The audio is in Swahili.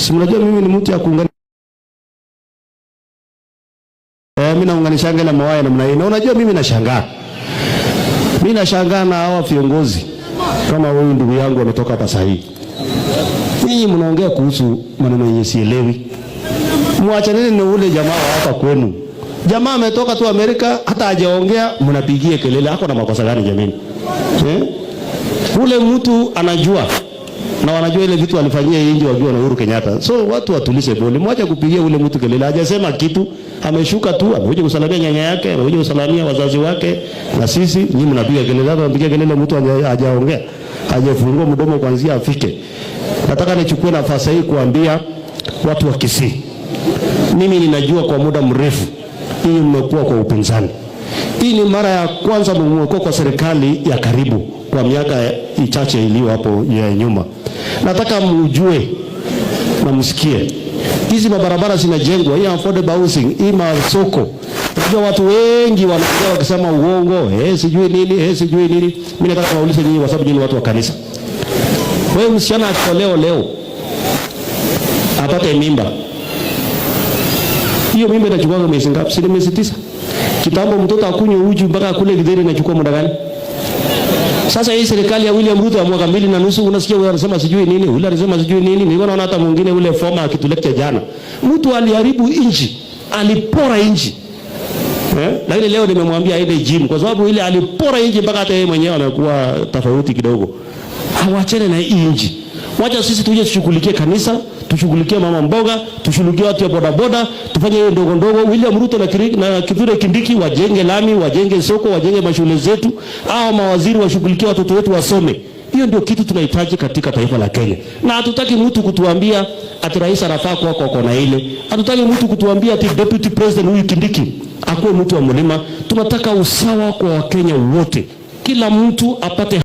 si mnajua mimi ni mtu ya kuunganisha eh, mimi naunganishanga ile mawaya namna hii, na unajua mimi nashangaa, mimi nashangaa na hawa viongozi kama huyu ndugu yangu ametoka hapa hivi. ninyi mnaongea kuhusu maneno yenye sielewi. Mwachaneni na ule jamaa wa hapa kwenu. Jamaa ametoka tu Amerika, hata hajaongea mnapigie kelele. Hako na makosa gani jamani? Eh? Ule mtu anajua na wanajua ile vitu alifanyia inji wajua na Uhuru Kenyatta. So watu watulize boli, mwache kupigia ule mtu kelele. Hajasema kitu, ameshuka tu, amekuja kusalamia nyanya yake, amekuja kusalamia wazazi wake, na sisi nyinyi mnapiga kelele. Hapa mpiga kelele, mtu hajaongea, hajafungua mdomo kwanza afike. Nataka nichukue nafasi hii kuambia watu wa Kisii, mimi ninajua kwa muda mrefu hii mmekuwa kwa upinzani hii ni mara ya kwanza mumuoko kwa serikali ya karibu kwa miaka ichache iliyo hapo ya nyuma. Nataka mjue na msikie, hizi mabarabara zinajengwa, hii affordable housing, hii masoko. Unajua watu wengi wanakuja wakisema uongo, eh, sijui nini, eh, sijui nini. Mimi nataka kuwauliza nyinyi, kwa sababu nyinyi watu wa kanisa. Wewe msichana akiolewa leo apate mimba, hiyo mimba inachukua miezi ngapi? Si miezi tisa? Kitambo mtoto akunywe uji mpaka akule githeri inachukua muda gani? Sasa hii serikali ya William Ruto ya mwaka mbili na nusu unasikia wewe anasema sijui nini, yule anasema sijui nini. Mimi naona hata mwingine ule former akitulekea jana. Mtu aliharibu inji, alipora inji. Eh? Lakini leo nimemwambia aende gym kwa sababu ile alipora inji mpaka hata yeye mwenyewe anakuwa tofauti kidogo. Awachane na inji. Wacha sisi tuje tushughulikie kanisa, tushughulikie mama mboga, tushughulikie watu wa boda, tufanye hiyo ndogo ndogo. William Ruto na, kiri, na Kithure Kindiki wajenge lami, wajenge soko, wajenge mashule zetu, au mawaziri washughulikie watoto wetu wasome. Hiyo ndio kitu tunahitaji katika taifa la Kenya, na hatutaki mtu kutuambia ati rais anafaa kuwa kwa kona ile. Hatutaki mtu kutuambia ati deputy president huyu Kindiki akuwe mtu wa mlima. Tunataka usawa kwa Wakenya wote, kila mtu apate